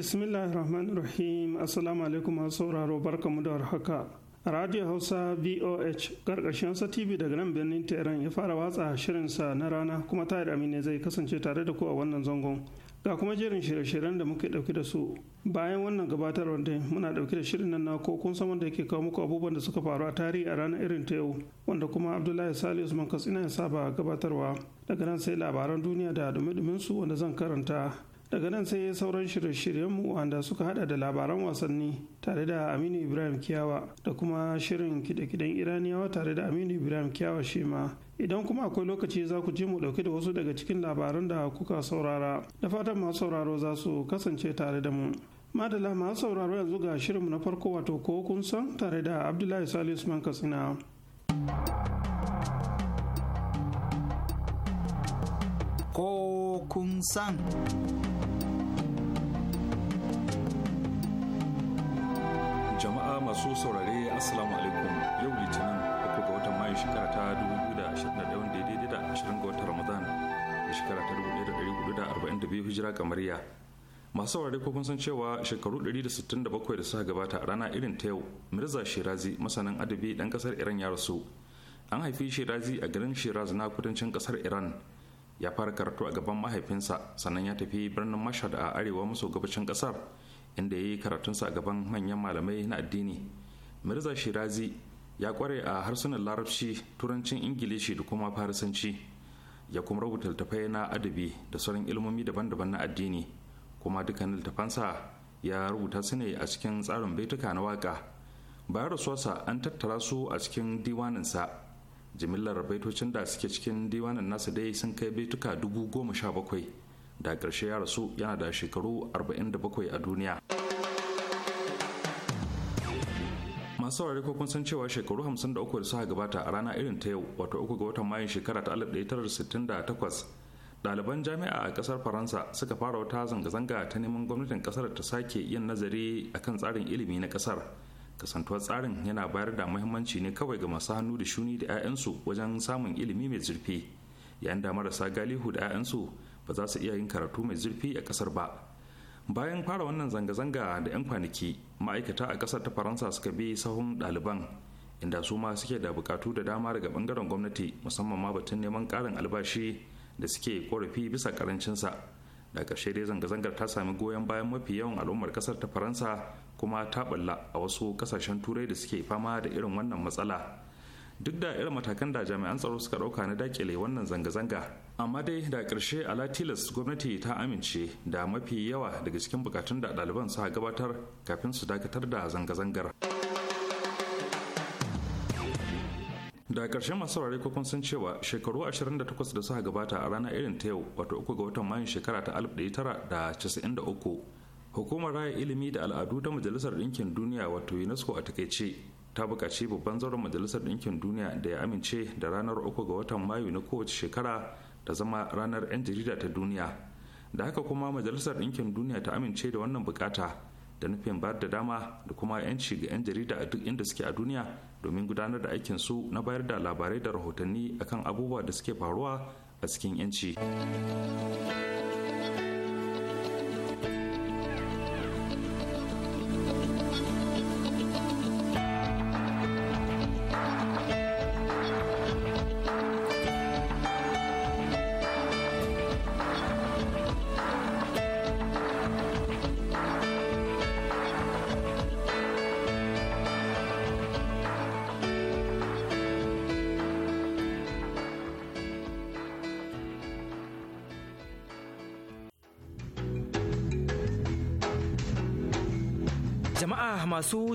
bismillahir rahmanir rahim assalamu alaikum masu sauraro barkamu da warhaka radio hausa voh karkashin sa tv daga nan birnin tehran ya fara watsa shirinsa na rana kuma tayar amine zai kasance tare da ku a wannan zangon ga kuma jerin shirye-shiryen da muke dauke da su bayan wannan gabatarwar dai muna dauke da shirin nan na ko kun san wanda yake kawo muku abubuwan da suka faru a tarihi a ranar irin ta yau wanda kuma abdullahi sali usman katsina ya saba gabatarwa daga nan sai labaran duniya da dumi-dumin su wanda zan karanta daga nan sai sauran shirye shiryen mu wanda suka hada da labaran wasanni tare da aminu ibrahim kiyawa da kuma shirin kide-kiden iraniyawa tare da aminu ibrahim kiyawa shima idan kuma akwai lokaci za ku ji mu dauke da wasu daga cikin labaran da kuka saurara da fatan masu sauraro za su kasance tare da mu madala masu sauraro yanzu ga shirinmu na farko wato ko kun san tare da abdullahi salisu usman katsina ko kun san masu saurare assalamu alaikum yau litinin uku ga watan mayu shekara ta 2021 wanda ya daidai da 20 ga watan ramadan da shekara ta 1442 hijira kamariya masu saurare ko kun san cewa shekaru 167 da suka gabata a rana irin ta yau mirza shirazi masanin adabi dan kasar iran ya rasu an haifi shirazi a garin shiraz na kudancin kasar iran ya fara karatu a gaban mahaifinsa sannan ya tafi birnin mashhad a arewa maso gabashin kasar inda ya yi karatunsa a gaban manyan malamai na addini mirza shirazi ya kware a harsunan larabci turancin ingilishi da kuma farisanci ya kuma rubuta littattafai na adabi da sauran ilmomi daban-daban na addini kuma dukkanin littattafansa ya rubuta su ne a cikin tsarin baituka na waka bayan rasuwarsa an tattara su a cikin diwaninsa jimillar baitocin da suke cikin diwanin nasa dai sun kai baituka dubu goma sha bakwai da ƙarshe ya rasu yana da shekaru 47 a duniya masu saurari ko san cewa shekaru 53 da suka gabata a rana irin ta yau wato uku ga watan mayun shekara ta 1968 ɗaliban jami'a a ƙasar faransa suka fara wata zanga-zanga ta neman gwamnatin ƙasar ta sake yin nazari a kan tsarin ilimi na ƙasar kasantuwar tsarin yana bayar da muhimmanci ne kawai ga masu hannu da shuni da 'ya'yansu wajen samun ilimi mai zurfi yayin da marasa galihu da 'ya'yansu ba za su iya yin karatu mai zurfi a kasar ba bayan fara wannan zanga-zanga da 'yan kwanaki ma'aikata a kasar ta faransa suka bi sahun ɗaliban inda su ma suke da bukatu da dama daga bangaren gwamnati musamman ma batun neman ƙarin albashi da suke korafi bisa karancinsa da ƙarshe dai zanga-zangar ta sami goyon bayan mafi yawan al'ummar kasar ta faransa kuma ta balla a wasu kasashen turai da suke fama da irin wannan matsala duk da irin matakan da jami'an tsaro suka dauka na dakile wannan zanga-zanga amma dai da ƙarshe ala tilas gwamnati ta amince da mafi yawa daga cikin bukatun da ɗaliban suka gabatar kafin su dakatar da zanga-zangar da ƙarshe masu saurare ko sun cewa shekaru 28 da suka gabata a rana irin ta yau wato uku ga watan mayun shekara ta 1993 hukumar raya ilimi da al'adu ta majalisar ɗinkin duniya wato unesco a takaice ta bukaci babban zauren majalisar ɗinkin duniya da ya amince da ranar uku ga watan mayu na kowace shekara ta zama ranar 'yan jarida ta duniya da haka kuma majalisar ɗinkin duniya ta amince da wannan bukata da nufin bayar da dama da kuma 'yanci ga 'yan jarida a duk inda suke a duniya domin gudanar da aikin su na bayar da labarai da rahotanni akan abubuwa da suke faruwa a cikin 'yanci.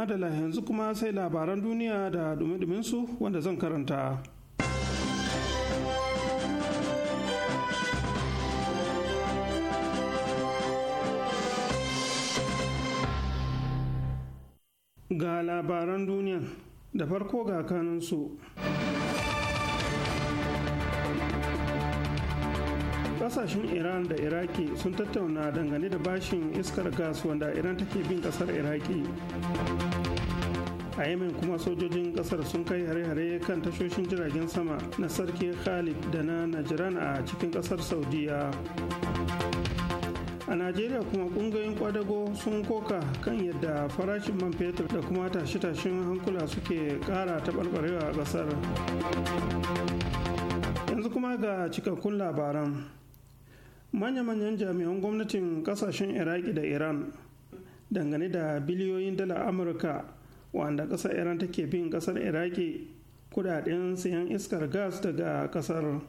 madala yanzu kuma sai labaran duniya da dumi su wanda zan karanta. Ga labaran duniya da farko ga kanunsu. kasashen iran da iraki sun tattauna dangane da bashin iskar gas wanda iran take bin ƙasar iraki a yemen kuma sojojin kasar sun kai hare-hare kan tashoshin jiragen sama na sarki khalid da na najiran a cikin kasar saudiya a najeriya kuma kungayen kwadago sun koka kan yadda farashin man fetur da kuma tashi tashen hankula suke kara taɓarɓarewa a ƙasar yanzu kuma ga cikakkun labaran manya-manyan jami'an gwamnatin ƙasashen iraki da iran dangane da biliyoyin dala amurka wanda ƙasar iran take bin ƙasar iraki kudaden sayan iskar gas daga ƙasar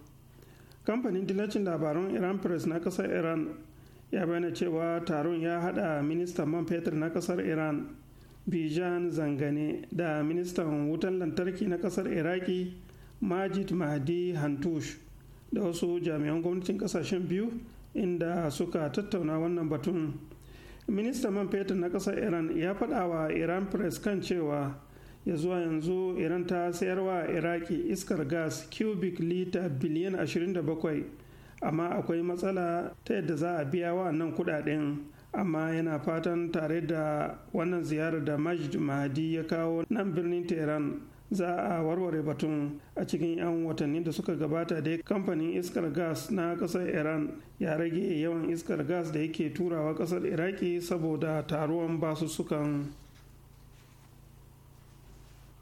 kamfanin dillacin labaran iran press na ƙasar iran ya bayyana cewa taron ya hada ministan man fetur na ƙasar iran bijan zangane da ministan wutan lantarki na ƙasar iraki majid mahdi hantush da wasu jami'an gwamnatin ƙasashen biyu inda suka tattauna wannan batun. ministan man fetur na ƙasar iran ya faɗa wa iran press kan cewa ya zuwa yanzu iran ta sayarwa iraki iskar gas cubic lita biliyan 27 amma akwai matsala ta yadda za a biya nan kudaden amma yana fatan tare da wannan ziyarar da majid mahadi ya kawo nan birnin tehran za a warware batun a cikin 'yan watanni da suka gabata dai kamfanin iskar gas na kasar iran ya rage yawan iskar gas da yake turawa kasar iraki saboda taruwan basussukan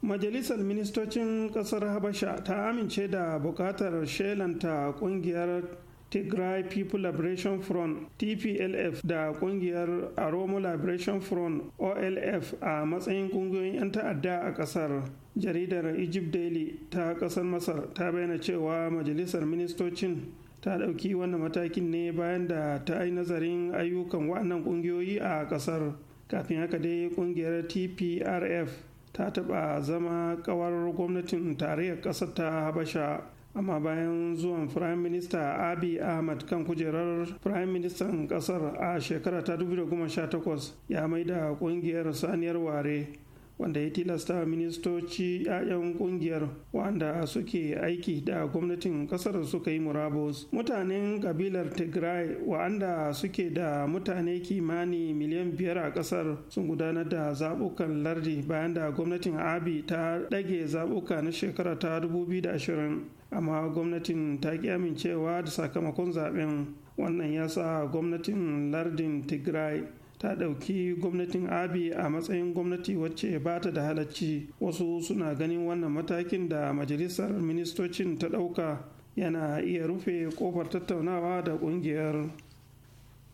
majalisar ministocin kasar habasha ta amince da bukatar shelanta kungiyar Tigray People Liberation Front TPLF da kungiyar Aromo Liberation Front OLF a matsayin kungiyoyin 'yan ta'adda a kasar. jaridar egypt daily ta kasar masar ta bayyana cewa majalisar ministocin ta ɗauki wannan matakin ne bayan da ta yi nazarin ayyukan waɗannan ƙungiyoyi a ƙasar kafin haka dai ƙungiyar tprf ta taɓa zama ƙawar gwamnatin tarayyar ƙasar ta habasha amma bayan zuwan firayim minista abi ahmad kan kujerar firayim ministan ƙasar a shekara ta 2018 ya maida ƙungiyar saniyar ware wanda ya tilasta ministoci 'ya'yan kungiyar wanda suke aiki da gwamnatin kasar suka yi murabus mutanen kabilar tigray wa'anda suke da mutane kimani miliyan biyar a kasar sun gudanar da zabukan lardi bayan da gwamnatin abi ta ɗage zabuka na shekara ta 2020 amma gwamnatin ta ki amincewa da sakamakon zaben wannan ya sa gwamnatin lardin tigray ta ɗauki gwamnatin abi a matsayin gwamnati wacce ba ta da halacci wasu suna ganin wannan matakin da majalisar ministocin ta ɗauka yana iya rufe kofar tattaunawa da ƙungiyar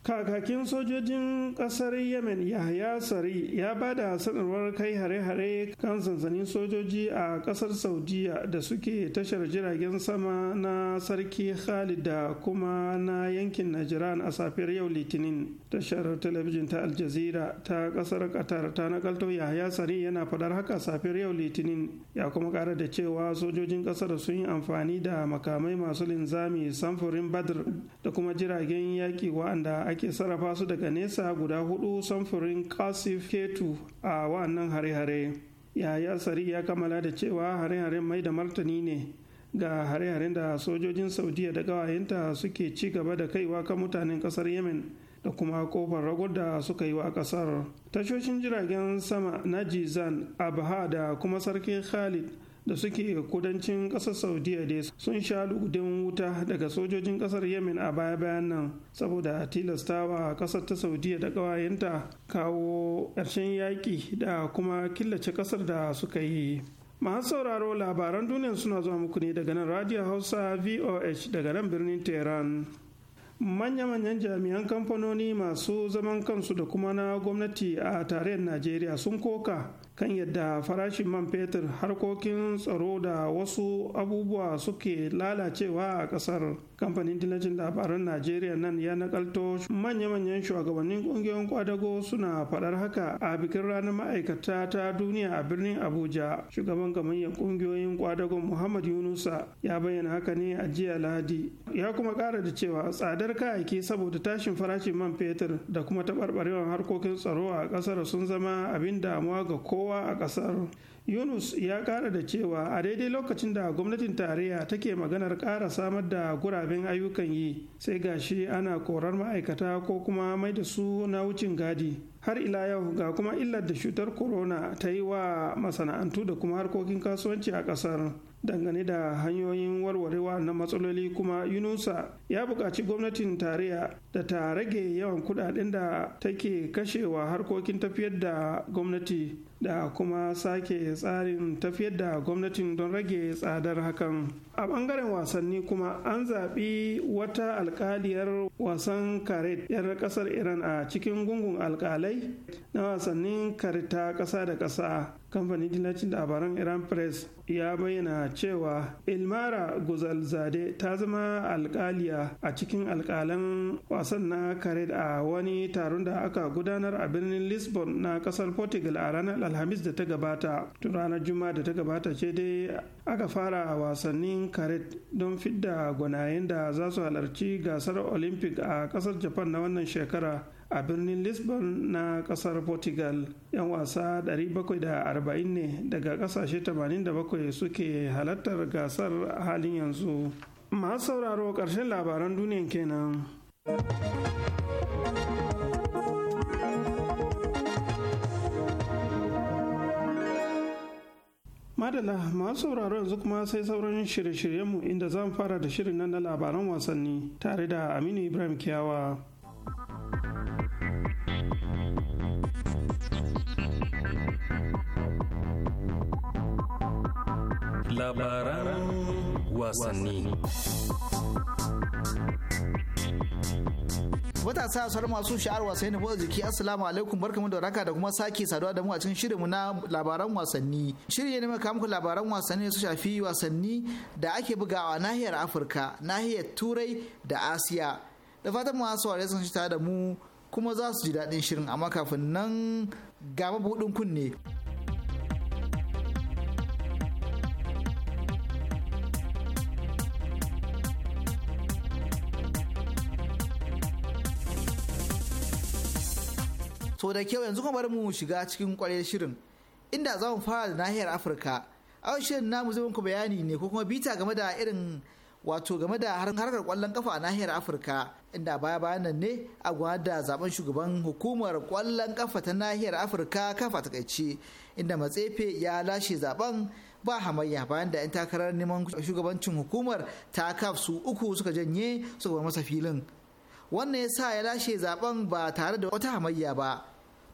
kakakin sojojin kasar yemen yahya sari ya ba da sanarwar kai hare-hare kan sansanin sojoji a kasar saudiya da suke tashar jiragen sama na sarki khalid da kuma na yankin najiran a safiyar yau litinin tashar talabijin ta aljazira ta kasar qatar ta nakalto yahya sari yana fadar haka safiyar yau litinin ya kuma kara da cewa sojojin kasar sun yi amfani da makamai masu linzami samfurin badr da kuma jiragen yaki wa'anda ake sarrafa su daga nesa guda hudu samfurin kasif ketu a wa'annan hare-hare yaya sari ya kammala da cewa hare-haren mai da martani ne ga hare-haren da sojojin saudiya da gawayenta suke ci gaba da kaiwa kan mutanen kasar yemen da kuma kofar ragon da suka yi wa kasar tashoshin jiragen sama na jizan abha da kuma Sarkin khalid da suke kudancin kasar saudiya dai sun sha lugudin wuta daga sojojin kasar yemen a baya bayan nan saboda tilastawa kasar ta saudiya da ƙawayenta kawo ƙarshen yaƙi da kuma killace kasar da suka yi masu sauraro labaran duniya suna zuwa muku ne daga nan radio hausa voh daga nan birnin tehran manya-manyan jami'an kamfanoni masu zaman kansu da kuma na gwamnati a tarayyar najeriya sun koka kan yadda farashin man fetur harkokin tsaro da wasu abubuwa suke lalacewa a kasar kamfanin dilajin labaran najeriya nan ya nakalto manya-manyan shugabannin kungiyoyin kwadago suna faɗar haka a bikin ranar ma'aikata ta duniya a birnin abuja shugaban gamayyar kungiyoyin kwadagon muhammad yunusa ya bayyana haka ne a jiya lahadi ya kuma ƙara da cewa tsadar kayayyaki saboda tashin farashin man fetur da kuma taɓarɓarewar harkokin tsaro a ƙasar sun zama abin damuwa ga ko. kowa a ƙasar yunus ya ƙara da cewa a daidai lokacin da gwamnatin tarayya take maganar ƙara samar da guraben ayyukan yi sai gashi ana korar ma'aikata ko kuma mai da su na wucin gadi har ila yau ga kuma illar da cutar corona ta yi wa masana'antu da kuma harkokin kasuwanci a ƙasar dangane da hanyoyin warwarewa na matsaloli kuma yunusa ya buƙaci gwamnatin tarayya da ta rage yawan kudaden da take kashewa harkokin tafiyar da gwamnati da kuma sake tsarin tafiyar da gwamnatin don rage tsadar hakan a bangaren wasanni kuma an zaɓi wata alkaliyar wasan karet 'yar ƙasar iran a cikin gungun alkalai na wasannin karita ƙasa da ƙasa kamfanin dillacin labaran iran press ya bayyana cewa ilmara guzalzade ta zama alkaliya a cikin alkalan wasan na karet a wani taron da aka gudanar a birnin lisbon na ƙasar portugal a ranar alhamis da ta gabata tun ranar juma'a da ta gabata ce dai aka fara wasannin karet don fidda gwanayen da za su halarci gasar olympic a kasar japan na wannan shekara a birnin lisbon na kasar portugal yan wasa 740 ne daga kasashe 87 suke halartar gasar halin yanzu masu sauraro ƙarshen labaran duniya kenan. madala masu sauraro yanzu kuma sai sauran shirye-shiryenmu inda zan fara da shirin nan na labaran wasanni tare da aminu ibrahim kiyawa labaran wasanni matasa sauran masu sha'ar wasanni na motsa jiki assalamu alaikum barkamu da raka da kuma sake saduwa da mu a cikin shirinmu na labaran wasanni shirin ne muka muku labaran wasanni su shafi wasanni da ake bugawa nahiyar afirka nahiyar turai da asiya da fatan masu ware sun shi da mu kuma za su ji daɗin shirin amma kafin nan ga buɗin kunne. so da kyau yanzu kuma mu shiga cikin kwarar shirin inda za mu fara da nahiyar afirka a shirin namu zai muku bayani ne ko kuma bita game da irin wato game da harkar kwallon kafa a nahiyar afirka inda baya bayan nan ne a gwada da zaben shugaban hukumar kwallon kafa ta nahiyar afirka kafa takaice inda matsefe ya lashe zaben ba hamayya bayan da 'yan takarar neman shugabancin hukumar ta kaf su uku suka janye suka bar masa filin wannan ya sa ya lashe zaben ba tare da wata hamayya ba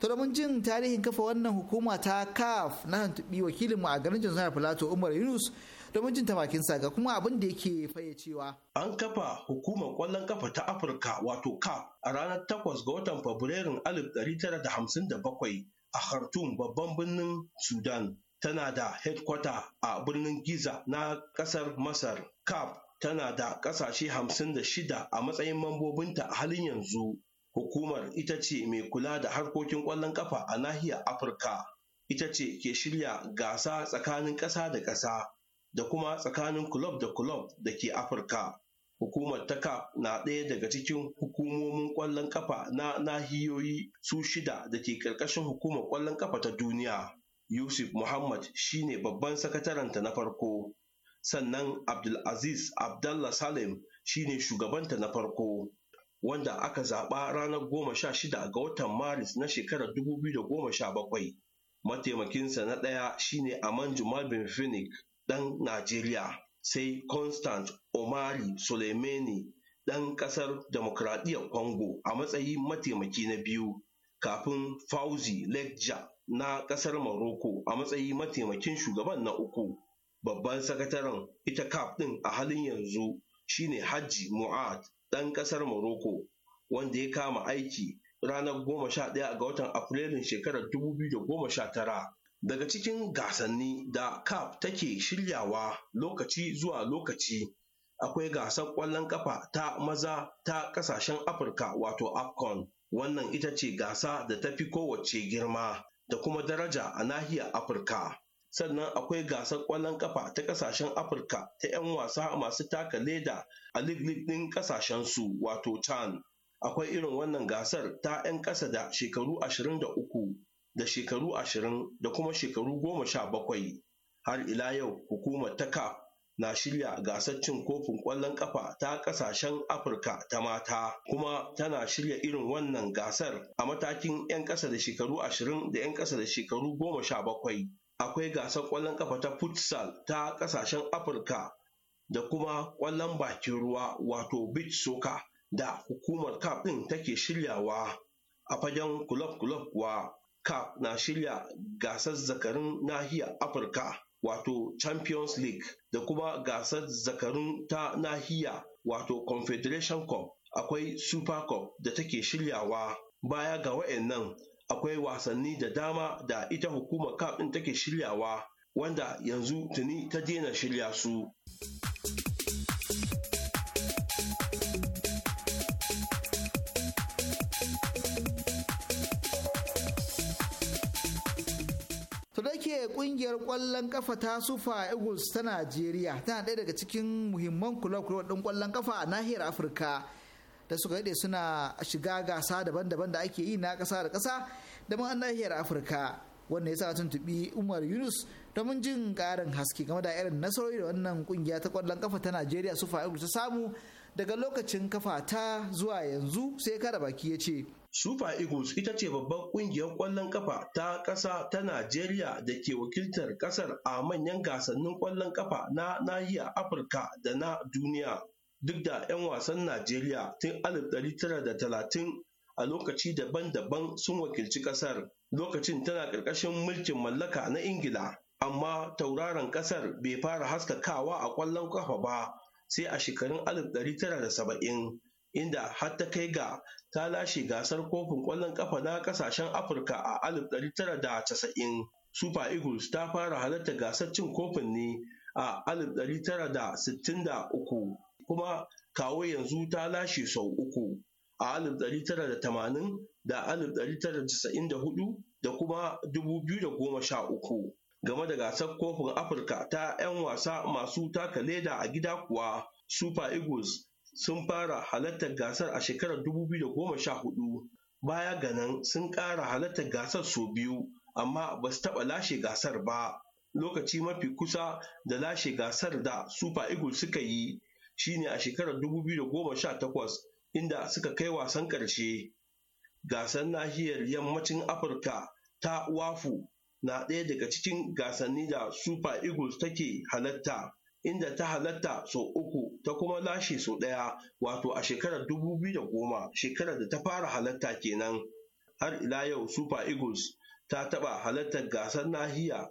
to domin jin tarihin kafa wannan hukuma ta kaf na hantubi wakilinmu a garin jihar filato umar yunus domin jin tamakinsa ga kuma abin da yake cewa. An kafa hukumar kwallon kafa ta Afirka wato kaf a ranar 8 ga watan Fabrairun 1957 a Khartoum babban birnin Sudan. Tana da headquarter a birnin Giza na ƙasar Masar. kaf tana da ƙasashe hamsin da shida a matsayin mambobinta a halin yanzu. Hukumar ita ce mai kula da harkokin ƙwallon ƙafa a nahiyar Afirka. Ita ce ke shirya gasa tsakanin ƙasa da ƙasa da kuma tsakanin kulob da kulob da ke Afirka. Hukumar ta CAF na ɗaya daga cikin hukumomin ƙwallon ƙafa na nahiyoyi su shida da ke ƙarƙashin hukumar ƙwallon ƙafa ta duniya. Yusuf Muhammad shine babban sakatarenta na farko. sannan abdulaziz abdallah salim shine shugabanta na farko wanda aka zaɓa ranar goma sha shida ga watan maris na shekarar dubu biyu da goma sha bakwai mataimakinsa na ɗaya shine aman jumal bin finik ɗan najeriya sai constant omari suleimani ɗan ƙasar demokradiyyar congo a matsayin mataimaki na biyu kafin fauzi lecja na ƙasar morocco a matsayin mataimakin shugaban na uku Babban sakataren ita CAF ɗin a halin yanzu shine Hajji Mu'ad ɗan ƙasar Morocco wanda ya kama aiki ranar goma sha ɗaya ga watan Afrilun shekarar dubu da goma sha tara. Daga cikin gasanni da CAF take shiryawa lokaci zuwa lokaci akwai gasar ƙwallon ƙafa ta maza ta ƙasashen Afirka wato AFCON. Wannan ita ce gasa da ta fi kowace girma da kuma daraja a nahiyar Afirka. sannan akwai gasar ƙwallon ƙafa ta ƙasashen afirka ta 'yan wasa masu taka leda a lig ɗin ƙasashen su wato chan akwai irin wannan gasar ta 'yan ƙasa da shekaru 23 da shekaru 20 da kuma shekaru goma sha bakwai. har ila yau hukumar ta caf na shirya gasar cin kofin ƙwallon ƙafa ta ƙasashen afirka ta mata kuma tana shirya irin wannan gasar a matakin 'yan ƙasa da shekaru ashirin da 'yan ƙasa da shekaru goma sha bakwai. akwai gasar ƙwallon ƙafa ta futsal ta ƙasashen Afirka da kuma ƙwallon bakin ruwa wato beach soccer da hukumar CAF ɗin take shiryawa. A fagen kulob-kulob kuwa CAF na shirya gasar zakarun nahiyar Afirka wato Champions League da kuma gasar zakarun ta nahiya wato Confederation Cup akwai Super Cup da take shiryawa. Baya ga wa'annan akwai wasanni da dama da ita hukumar CAF ɗin take shiryawa wanda yanzu tuni ta daina shirya su. ƙungiyar ƙwallon kafa ta sufa eagles ta najeriya tana ɗaya daga cikin muhimman kula-kula ɗin ƙwallon kafa a nahiyar afirka da suka daɗe suna shiga gasa daban-daban da ake yi na ƙasa da ƙasa da an nahiyar afirka wanda ya sa tuntuɓi umar yunus domin jin ƙarin haske game da irin nasarori da wannan ƙungiya ta ƙwallon kafa ta najeriya su fa'iru ta samu daga lokacin kafa ta zuwa yanzu sai kara baki ya ce Super Eagles ita ce babbar kungiyar kwallon kafa ta ƙasa ta Najeriya da ke wakiltar ƙasar a manyan gasannin kwallon kafa na nahiyar Afirka da na duniya. duk da 'yan wasan Najeriya tun talatin a lokaci daban-daban sun wakilci ƙasar. Lokacin tana ƙarƙashin mulkin mallaka na Ingila, amma tauraron ƙasar bai fara haskakawa a ƙwallon ƙafa ba sai a shekarun 1970, inda har ta kai ga ta lashe gasar kofin ƙwallon ƙafa na ƙasashen Afirka a 1990. Super Eagles ta fara halarta gasar cin kofin ne a da uku. kuma kawo yanzu ta lashe sau uku a 1980 da 1994 da kuma 2013 game da gasar kofin afirka ta 'yan wasa masu taka leda a gida kuwa super eagles sun fara halartar gasar a shekarar 2014 baya ga nan sun ƙara halartar gasar sau biyu amma ba su taɓa lashe gasar ba lokaci mafi kusa da lashe gasar da super eagles suka yi shine a shekarar 2018 inda suka kai wasan ƙarshe. Gasar nahiyar yammacin Afirka ta wafu na ɗaya daga cikin gasanni da Super Eagles take halatta, inda ta halatta sau uku ta kuma lashe sau ɗaya wato a shekarar 2010 shekarar da ta fara halatta kenan. Har ila yau Super Eagles ta taɓa halartar gasar nahiya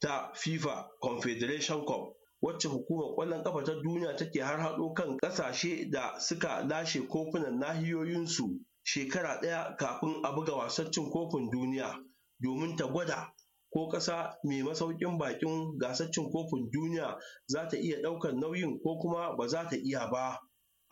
ta FIFA Confederation Cup wacce hukumar ƙwallon ƙafa ta duniya take harhaɗo kan ƙasashe da suka lashe kofunan nahiyoyinsu shekara ɗaya kafin a buga wasan cin kofin duniya domin ta gwada ko ƙasa mai masaukin bakin gasar cin kofin duniya za ta iya ɗaukar nauyin ko kuma ba za ta iya ba.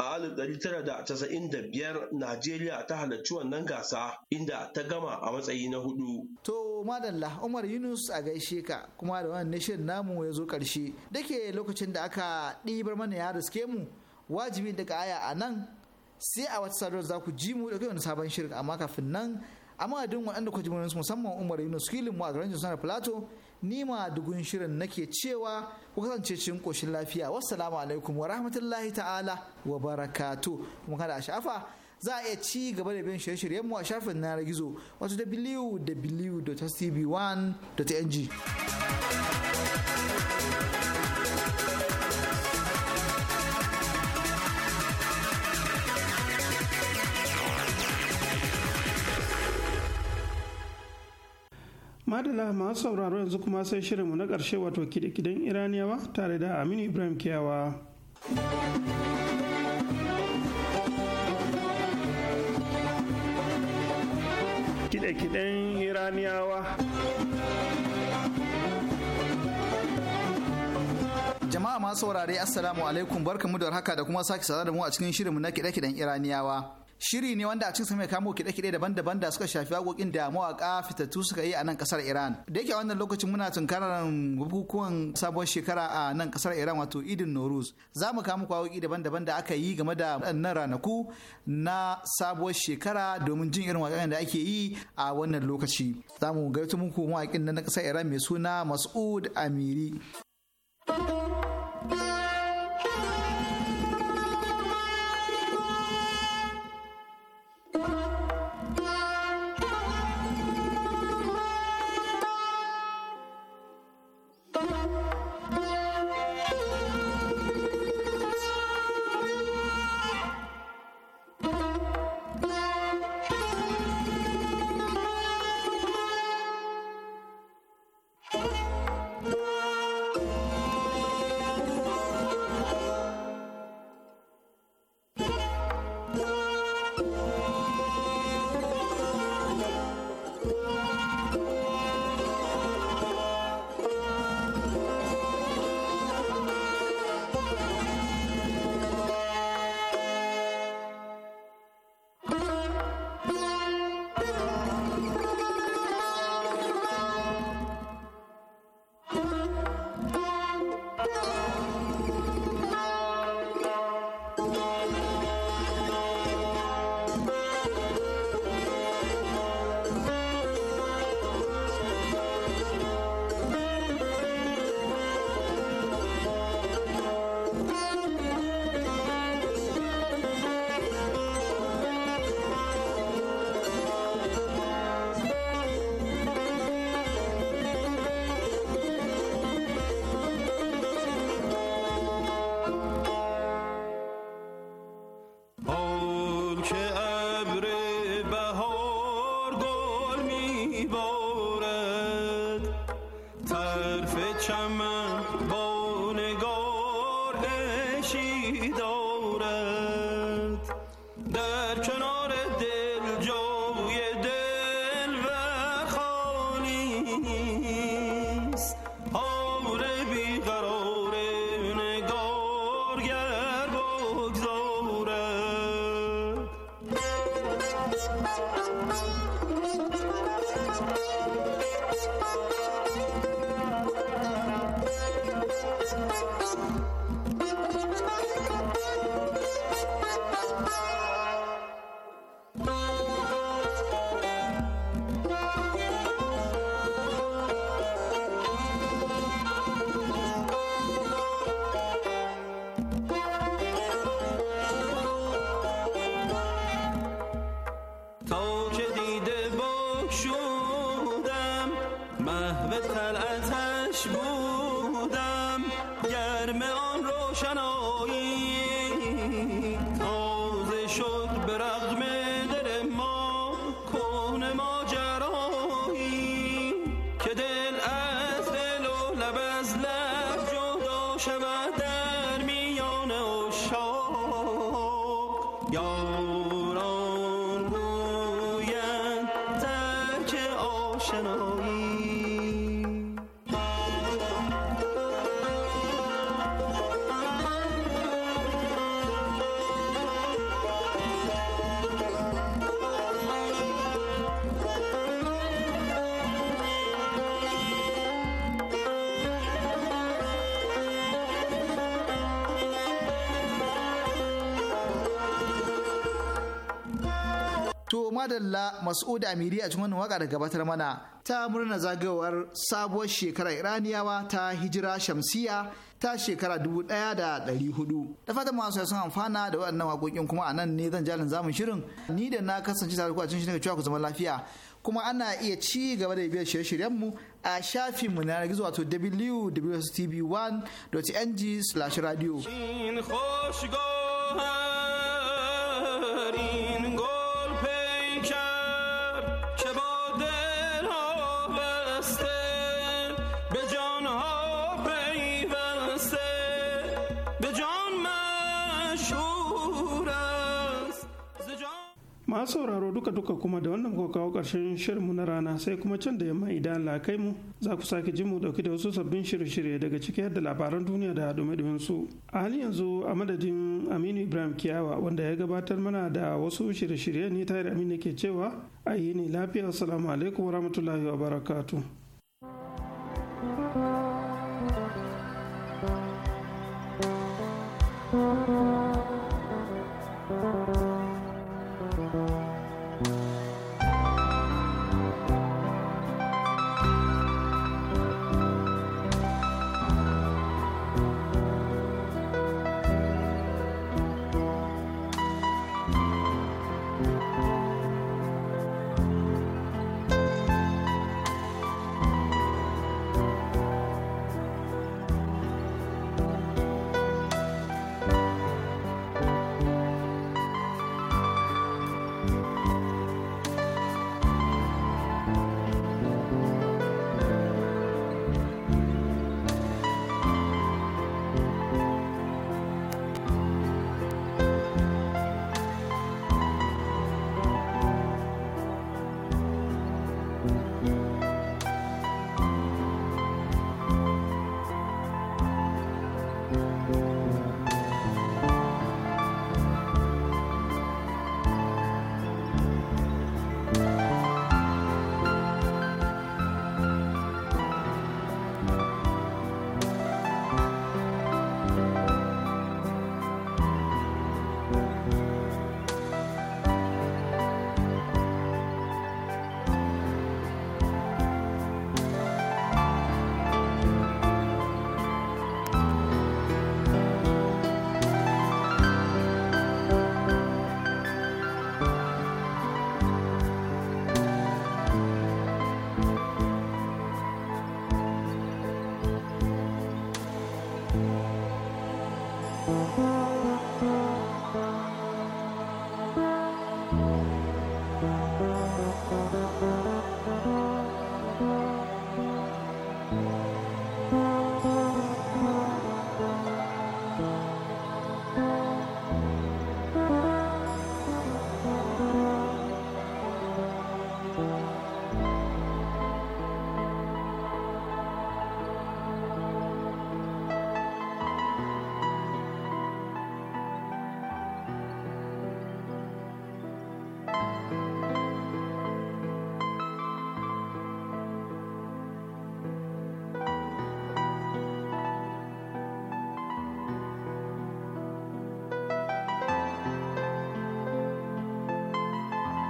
A 1995 Najeriya ta halarci wannan gasa inda ta gama a matsayi na hudu. To madalla Umar Yunus a gaishe ka kuma da wannan shirin namu ya zo karshe. Dake lokacin da aka ɗibar mana ya riske mu wajibi daga aya a nan sai a wata sadar za ku ji mu da wani sabon shirin amma kafin nan amma duk waɗanda ku ji musamman Umar Yunus filin mu a garin Jihar Plateau ni ma dugun shirin nake cewa ku kasance cikin koshin lafiya wassalamu alaikum wa rahmatullahi ta'ala wa barakatu kuma kada a shafa za a iya ci gaba da bin shirye shiryen mu a shafin na gizo wato www.tv1.ng madala masu sauraro yanzu kuma sai shirinmu na ƙarshe wato kidan iraniyawa tare da aminu ibrahim kiyawa kide iraniyawa jama'a masu saurare assalamu alaikum barkamu da haka da kuma sake sada da mu a cikin shirinmu na kide-kiden iraniyawa shiri ne wanda a cikin mai kamo kiɗe kide daban-daban da suka shafi agogin da mawaƙa fitattu suka yi a nan ƙasar Iran. Da yake wannan lokacin muna tunkarar bukukuwan sabon shekara a nan kasar Iran wato Idin Noruz. Za mu kamo waƙoƙi daban-daban da aka yi game da waɗannan ranaku na sabuwar shekara domin jin irin waƙoƙin da ake yi a wannan lokaci. Za mu gaito muku mawaƙin na kasar Iran mai suna Mas'ud Amiri. مهبت خلعتش بود madalla mas'ud amiri a cikin wannan waka da gabatar mana ta murna zagayowar sabuwar shekara iraniyawa ta hijira shamsiya ta shekara dubu ɗaya da ɗari hudu da fatan masu sun amfana da waɗannan waƙoƙin kuma a nan ne zan jalin zamun shirin ni da na kasance tare ku a cikin shirin cewa ku zama lafiya kuma ana iya ci gaba da biyar shirye-shiryenmu a shafin mu na gizo wato www.tv1.ng/radio. masu sauraro duka duka kuma da wannan kuka kawo shirin mu na rana sai kuma can da yamma idan Allah kai mu za ku sake jin mu dauki da wasu sabbin shirye-shirye daga ciki da labaran duniya da dumi su a halin yanzu a madadin Aminu Ibrahim Kiyawa wanda ya gabatar mana da wasu shirye shiryen ne tare Aminu ke cewa a yi ne lafiya assalamu alaikum warahmatullahi wabarakatuh